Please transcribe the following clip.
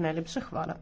Najlepša hvala.